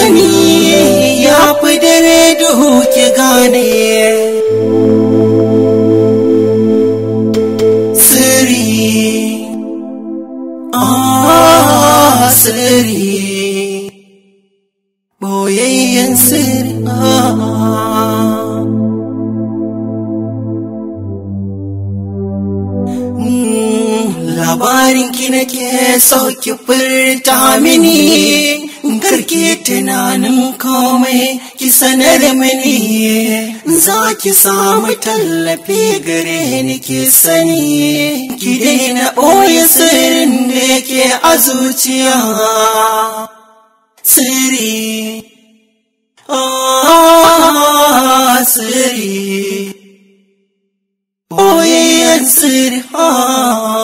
sani ya fi dare duhu ki gane siri ah siri boyayyen siri ah. mm, labarin ki nake sauki furta mini karki tunanin komai ki sanar mini za ki samu tallafi gare ni ki sani ki daina ɓoye sirrin da yake a zuciya sirri ah, sirri ɓoyayyen sirri ah.